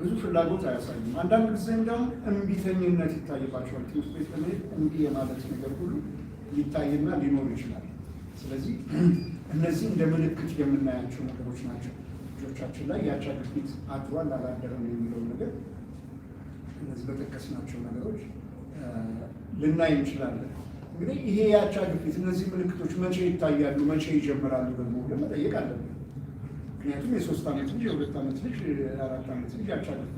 ብዙ ፍላጎት አያሳዩም። አንዳንድ ጊዜም ደግሞ እምቢተኝነት ይታይባቸዋል። ትምህርት ቤት በመሄድ እምቢ የማለት ነገር ሁሉ ሊታይና ሊኖር ይችላል። ስለዚህ እነዚህ እንደ ምልክት የምናያቸው ነገሮች ናቸው። ልጆቻችን ላይ ያቻ ግፊት አድሯል አላደረም የሚለው ነገር እነዚህ በጠቀስናቸው ነገሮች ልናይ እንችላለን። እንግዲህ ይሄ ያቻ ግፊት እነዚህ ምልክቶች መቼ ይታያሉ፣ መቼ ይጀምራሉ ደግሞ ለመጠየቅ አለብን። ምክንያቱም የሶስት ዓመት ልጅ የሁለት ዓመት ልጅ የአራት ዓመት ልጅ ያቻለፍ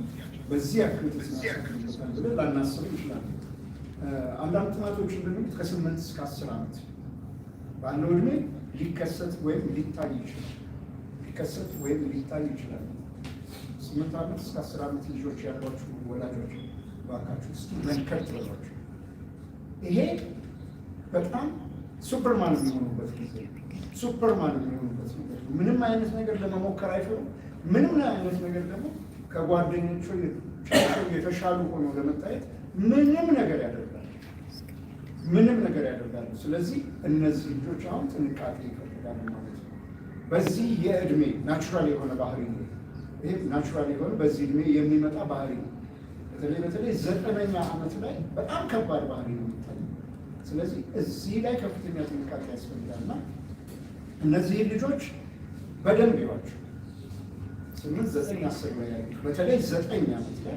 በዚህ አክቲቪቲ ስናሳልፍበታል ብለን ላናስብ እንችላለን። አንዳንድ ጥናቶች እንደሚሉት ከስምንት እስከ አስር ዓመት ባለው እድሜ ሊከሰት ወይም ሊታይ ይችላል። ሊከሰት ወይም ሊታይ ይችላል። ስምንት ዓመት እስከ አስር ዓመት ልጆች ያሏችሁ ወላጆች ባካችሁ እስኪ መንከር ትበሏቸው። ይሄ በጣም ሱፐርማን የሚሆኑበት ጊዜ ሱፐርማን የሚሆንበት ነገር ነው። ምንም አይነት ነገር ለመሞከር አይችሉም። ምንም አይነት ነገር ደግሞ ከጓደኞቹ የተሻሉ ሆኖ ለመታየት ምንም ነገር ያደርጋል። ምንም ነገር ያደርጋሉ። ስለዚህ እነዚህ ልጆች አሁን ጥንቃቄ ይፈልጋሉ ማለት ነው። በዚህ የእድሜ ናቹራል የሆነ ባህሪ ነው። ናቹራል የሆነ በዚህ እድሜ የሚመጣ ባህሪ ነው። በተለይ በተለይ ዘጠነኛ ዓመት ላይ በጣም ከባድ ባህሪ ነው የሚታየው። ስለዚህ እዚህ ላይ ከፍተኛ ጥንቃቄ ያስፈልጋልና እነዚህ ልጆች በደንብ ይዋቸው። ስምንት ዘጠኝ አስር ላይ ያሉ በተለይ ዘጠኝ ዓመት ላይ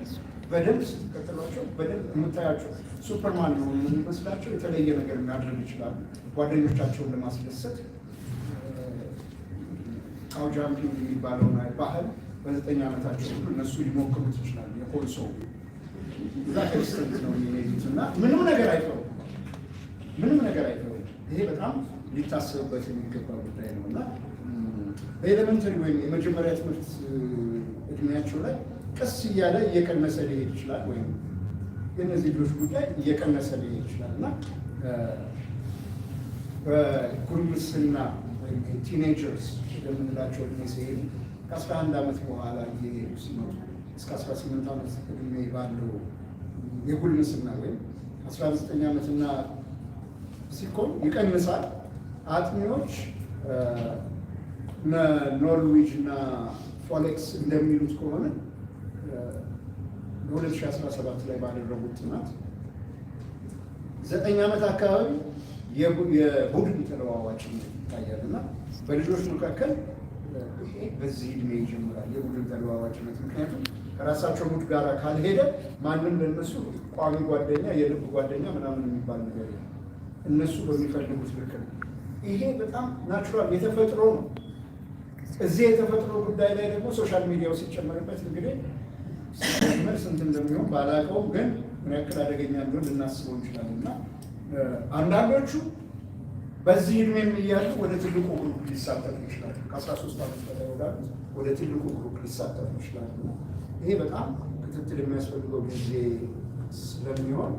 በደንብ ስትከተሏቸው በደንብ የምታያቸው ሱፐርማን ነው የምንመስላቸው። የተለየ ነገር የሚያደርግ ይችላሉ። ጓደኞቻቸውን ለማስደሰት ካው የሚባለውን ባህል በዘጠኝ ዓመታቸው ሁሉ እነሱ ሊሞክሩት ይችላሉ። የኮንሶ እዛ ከስተንት ነው የሚሄዱት እና ምንም ነገር አይተው ምንም ነገር አይተው ይሄ በጣም ሊታሰብበት የሚገባ ጉዳይ ነው እና በኤሌመንተሪ ወይም የመጀመሪያ ትምህርት እድሜያቸው ላይ ቀስ እያለ እየቀነሰ ሊሄድ ይችላል ወይም የእነዚህ ልጆች ጉዳይ እየቀነሰ ሊሄድ ይችላል እና በጉርምስና ቲኔጀርስ የምንላቸው እድሜ ሲሄዱ ከአስራ አንድ ዓመት በኋላ እየሄዱ ሲመጡ እስከ አስራ ዓመት እድሜ ባለው የጉልምስና ወይም አስራ ዓመትና ሲኮን ይቀንሳል። አጥኚዎች ኖርዊጅ እና ፎሌክስ እንደሚሉት ከሆነ በ2017 ላይ ባደረጉት ጥናት ዘጠኝ ዓመት አካባቢ የቡድን ተለዋዋጭ ይታያል እና በልጆች መካከል በዚህ እድሜ ይጀምራል የቡድን ተለዋዋጭነት። ምክንያቱም ከራሳቸው ሙድ ጋር ካልሄደ ማንም ለነሱ ቋሚ ጓደኛ፣ የልብ ጓደኛ ምናምን የሚባል ነገር የለም። እነሱ በሚፈልጉት ልክ ነው። ይሄ በጣም ናቹራል የተፈጥሮ ነው። እዚህ የተፈጥሮ ጉዳይ ላይ ደግሞ ሶሻል ሚዲያው ሲጨመርበት እንግዲህ ሲጨመር ስንት እንደሚሆን ባላውቀውም ግን ምን ያክል አደገኛ እንደሆነ ልናስበው እንችላለን። እና አንዳንዶቹ በዚህ እድሜም እያሉ ወደ ትልቁ ግሩፕ ሊሳተፉ ይችላሉ ከአስራ ሶስት ዓመት በላይ ወዳሉ ወደ ትልቁ ግሩፕ ሊሳተፉ ይችላሉ። እና ይሄ በጣም ክትትል የሚያስፈልገው ጊዜ ስለሚሆን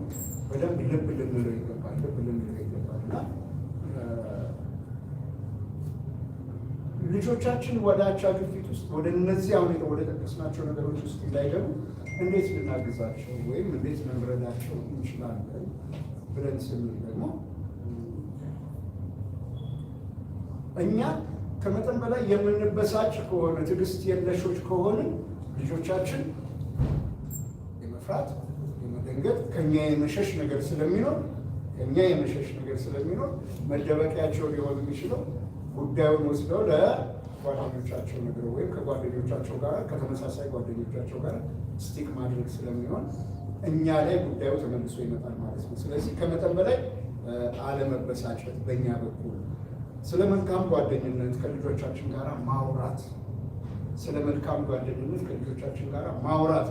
በደንብ ልብ ልንለው ይገባል። ልብ ልንለው ይገባል እና ልጆቻችን ወደ አቻ ግፊት ውስጥ ወደ እነዚህ አሁን ወደ ጠቀስናቸው ነገሮች ውስጥ እንዳይገቡ እንዴት ልናግዛቸው ወይም እንዴት መምረዳቸው እንችላለን ብለን ስንል ደግሞ እኛ ከመጠን በላይ የምንበሳጭ ከሆነ ትዕግስት የለሾች ከሆነ ልጆቻችን የመፍራት የመደንገጥ ከኛ የመሸሽ ነገር ስለሚኖር ከኛ የመሸሽ ነገር ስለሚኖር መደበቂያቸው ሊሆን የሚችለው ጉዳዩን ወስደው ለጓደኞቻቸው ነገር ወይም ከጓደኞቻቸው ጋር ከተመሳሳይ ጓደኞቻቸው ጋር ስቲክ ማድረግ ስለሚሆን እኛ ላይ ጉዳዩ ተመልሶ ይመጣል ማለት ነው። ስለዚህ ከመጠን በላይ አለመበሳጨት በእኛ በኩል ስለ መልካም ጓደኝነት ከልጆቻችን ጋር ማውራት ስለ መልካም ጓደኝነት ከልጆቻችን ጋር ማውራት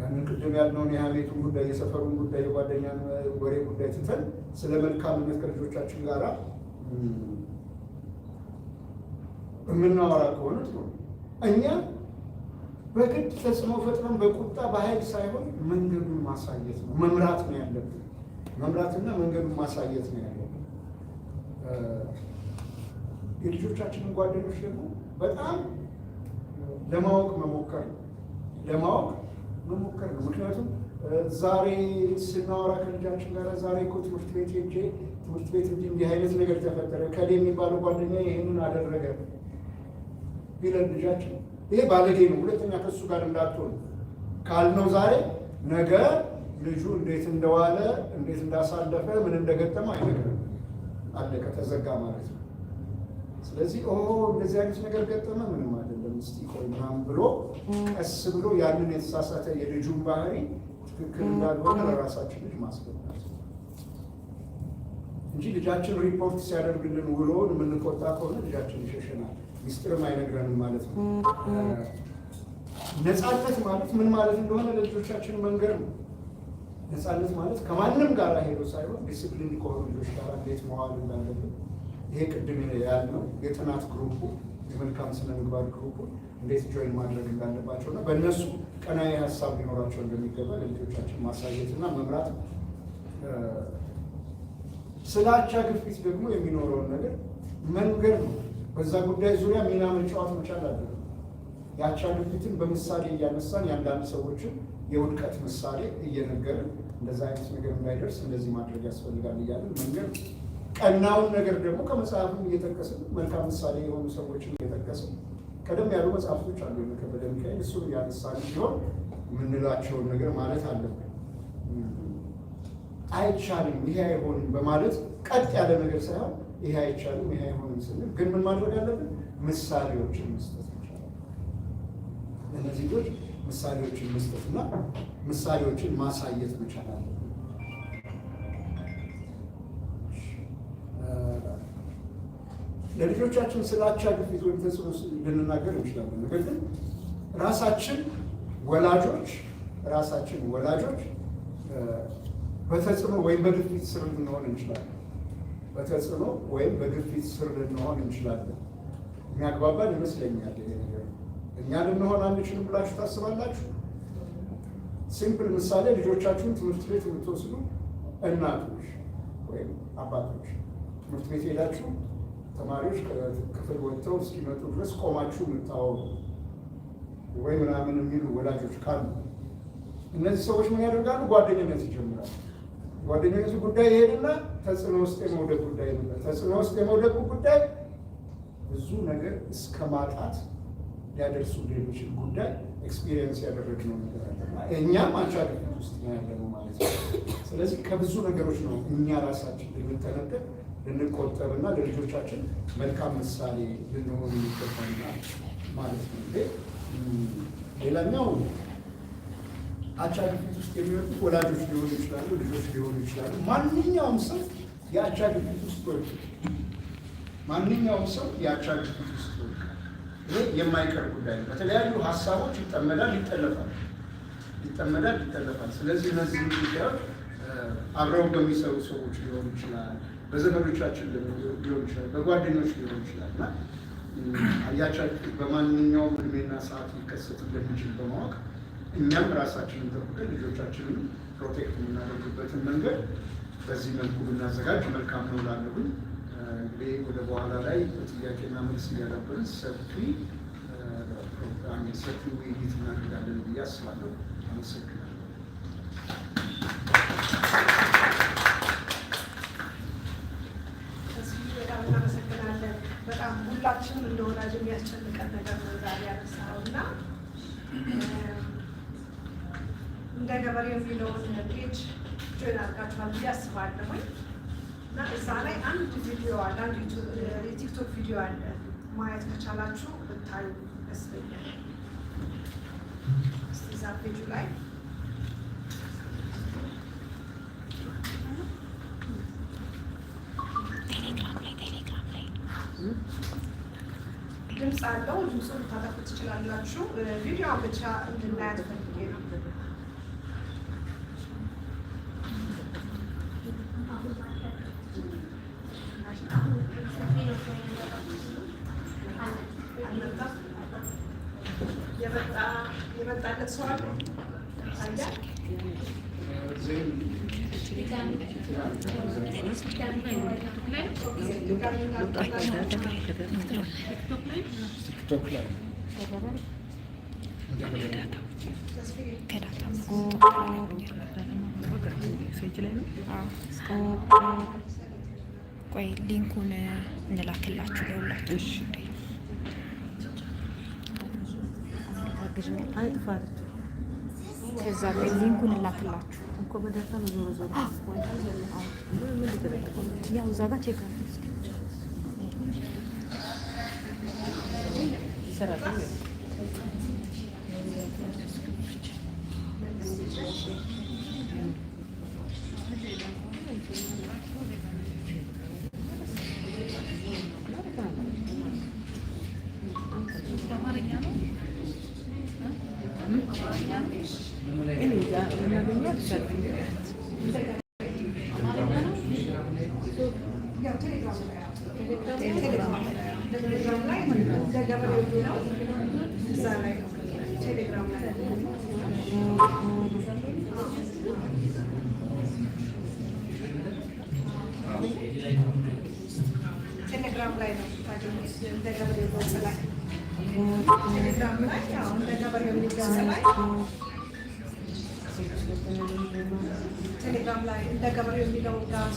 ያንን ቅድም ያልነውን የሀሜቱን ጉዳይ፣ የሰፈሩን ጉዳይ፣ የጓደኛ ወሬ ጉዳይ ትተን ስለ መልካምነት ከልጆቻችን ጋር የምናወራ ከሆነ ጥሩ። እኛ በግድ ተጽዕኖ ፈጥረን በቁጣ በኃይል ሳይሆን መንገዱን ማሳየት ነው መምራት ነው ያለብን። መምራትና መንገዱን ማሳየት ነው ያለብን። የልጆቻችንን ጓደኞች ደግሞ በጣም ለማወቅ መሞከር ለማወቅ መሞከር ነው። ምክንያቱም ዛሬ ስናወራ ከልጃችን ጋር ዛሬ እኮ ትምህርት ቤት ሄጄ ትምህርት ቤት እንዲህ አይነት ነገር ተፈጠረ ከሌ የሚባለው ጓደኛ ይህንን አደረገ ቢለን ልጃችን ይሄ ባለጌ ነው። ሁለተኛ ከሱ ጋር እንዳትሆን ካልነው ዛሬ ነገ ልጁ እንዴት እንደዋለ እንዴት እንዳሳለፈ ምን እንደገጠመ አይነግርም። አለቀ፣ ተዘጋ ማለት ነው። ስለዚህ ኦ እንደዚህ አይነት ነገር ገጠመ፣ ምንም አይደለም፣ እስቲ ቆይ ምናምን ብሎ ቀስ ብሎ ያንን የተሳሳተ የልጁን ባህሪ ትክክል እንዳልሆነ ለራሳችን ልጅ ማስገባት እንጂ ልጃችን ሪፖርት ሲያደርግልን ውሎውን የምንቆጣ ከሆነ ልጃችን ይሸሸናል፣ ሚስጥርም አይነግረንም ማለት ነው። ነፃነት ማለት ምን ማለት እንደሆነ ለልጆቻችን መንገር ነው። ነፃነት ማለት ከማንም ጋር ሄዶ ሳይሆን ዲስፕሊን ከሆኑ ልጆች ጋር እንዴት መዋል እንዳለብን ይሄ ቅድም ያልነው የጥናት ግሩፑ የመልካም ስነ ምግባር ግሩፑ እንዴት ጆይን ማድረግ እንዳለባቸው እና በእነሱ ቀናዊ ሀሳብ ሊኖራቸው እንደሚገባ ለልጆቻችን ማሳየት እና መምራት ስለ አቻ ግፊት ደግሞ የሚኖረውን ነገር መንገድ ነው። በዛ ጉዳይ ዙሪያ ሚና መጫወት መቻል አለ። የአቻ ግፊትን በምሳሌ እያነሳን የአንዳንድ ሰዎችን የውድቀት ምሳሌ እየነገርን እንደዚ አይነት ነገር እንዳይደርስ እንደዚህ ማድረግ ያስፈልጋል እያለን መንገድ ቀናውን ነገር ደግሞ ከመጽሐፍም እየጠቀስን መልካም ምሳሌ የሆኑ ሰዎችን እየጠቀስን ቀደም ያሉ መጽሐፍቶች አሉ ከበደ ሚካኤል እሱን እያነሳን ሲሆን የምንላቸውን ነገር ማለት አለብን። አይቻልም፣ ይሄ አይሆንም በማለት ቀጥ ያለ ነገር ሳይሆን ይሄ አይቻልም፣ ይሄ አይሆንም ስንል ግን ምን ማድረግ አለብን? ምሳሌዎችን መስጠት ይቻላል። እነዚህ ልጆች ምሳሌዎችን መስጠትና ምሳሌዎችን ማሳየት መቻል አለ። ለልጆቻችን ስለ ግፊት ወይም ተጽዕኖ ልንናገር እንችላለን። ነገር ግን ራሳችን ወላጆች ራሳችን ወላጆች በተጽዕኖ ወይም በግፊት ስር ልንሆን እንችላለን። በተጽዕኖ ወይም በግፊት ስር ልንሆን እንችላለን። የሚያግባባን ይመስለኛል ይሄ ነገር። እኛ ልንሆን አንችልም ብላችሁ ታስባላችሁ? ሲምፕል ምሳሌ ልጆቻችሁን ትምህርት ቤት የምትወስዱ እናቶች ወይም አባቶች ትምህርት ቤት ሄዳችሁ ተማሪዎች ክፍል ወጥተው እስኪመጡ ድረስ ቆማችሁ የምታወሩ ወይ ምናምን የሚሉ ወላጆች ካሉ እነዚህ ሰዎች ምን ያደርጋሉ? ጓደኝነት ይጀምራል ጓደኞቹ ጉዳይ ይሄድና ተጽዕኖ ውስጥ የመውደቅ ጉዳይ ነበር። ተጽዕኖ ውስጥ የመውደቁ ጉዳይ ብዙ ነገር እስከ ማጣት ሊያደርሱ የሚችል ጉዳይ ኤክስፒሪየንስ ያደረግነው ነገር አለና እኛም አንቺ አገልግሎት ውስጥ ነው ያለ ነው ማለት ነው። ስለዚህ ከብዙ ነገሮች ነው እኛ ራሳችን ልንጠነቀቅ ልንቆጠብና ለልጆቻችን መልካም ምሳሌ ልንሆን የሚገባና ማለት ነው። ሌላኛው አቻ ግፊት ውስጥ የሚወጡ ወላጆች ሊሆኑ ይችላሉ፣ ልጆች ሊሆኑ ይችላሉ። ማንኛውም ሰው የአቻ ግፊት ውስጥ ወጡ። ማንኛውም ሰው የአቻ ግፊት ውስጥ ወጡ። ይህ የማይቀር ጉዳይ ነው። በተለያዩ ሀሳቦች ይጠመዳል፣ ይጠለፋል፣ ይጠመዳል፣ ይጠለፋል። ስለዚህ እነዚህ ጉዳዮች አብረው በሚሰሩ ሰዎች ሊሆን ይችላል፣ በዘመዶቻችን ሊሆን ይችላል፣ በጓደኞች ሊሆን ይችላል እና የአቻ በማንኛውም እድሜና ሰዓት ሊከሰት እንደሚችል በማወቅ እኛም ራሳችንን ጠብቀን ልጆቻችንን ፕሮቴክት የምናደርግበትን መንገድ በዚህ መልኩ ብናዘጋጅ መልካም ነው ላለሁኝ። እንግዲህ ወደ በኋላ ላይ በጥያቄና መልስ እያለብን ሰፊ ፕሮግራም ሰፊ ውይይት እናደርጋለን ብዬ አስባለሁ። አመሰግናለሁ። በጣም ሁላችንም እንደወላጅ የሚያስጨንቀን ነገር ነው ዛሬ ገበሬ የሚለውን ፔጅ ጆይን አድርጋችኋል ብዬ አስባለሁኝ እና እዛ ላይ አንድ ቪዲዮ አለ፣ አንድ የቲክቶክ ቪዲዮ አለ። ማየት ከቻላችሁ ብታዩ ይመስለኛል። እዛ ፔጁ ላይ ድምፅ አለው። ድምፁ ልታጠፉት ትችላላችሁ። ቪዲዮ ብቻ እንድናያት የመጣለት ሰው አለ ቆይ ሊንኩን እንላክላችሁ ለሁላችሁ። አግዥኝ አይጥፋ አለችው። ከዛ ሊንኩን እላክላችሁ እኮ በዳታ ነው ዞሮ ዞሮ ያው እዛ ጋር ቼክ አለ Telegram live, on the number of the telegram lá da câmara eu me dá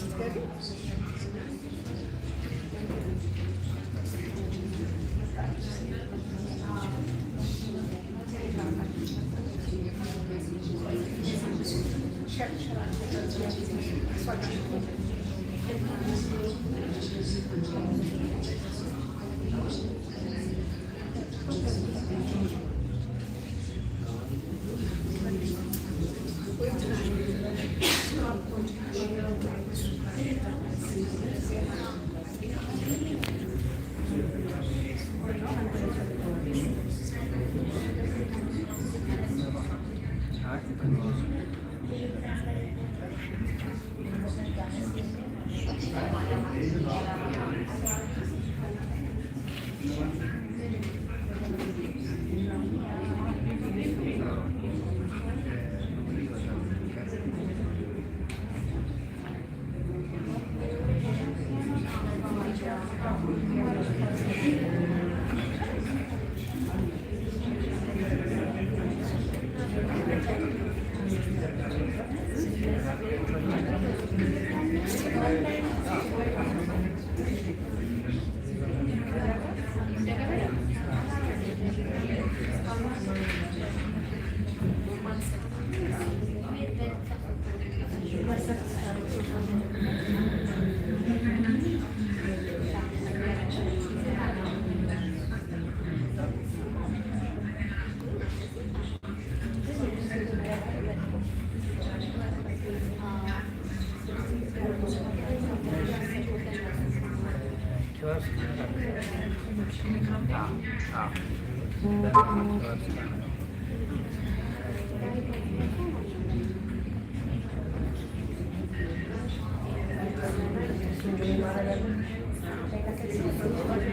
Thank you. Merci.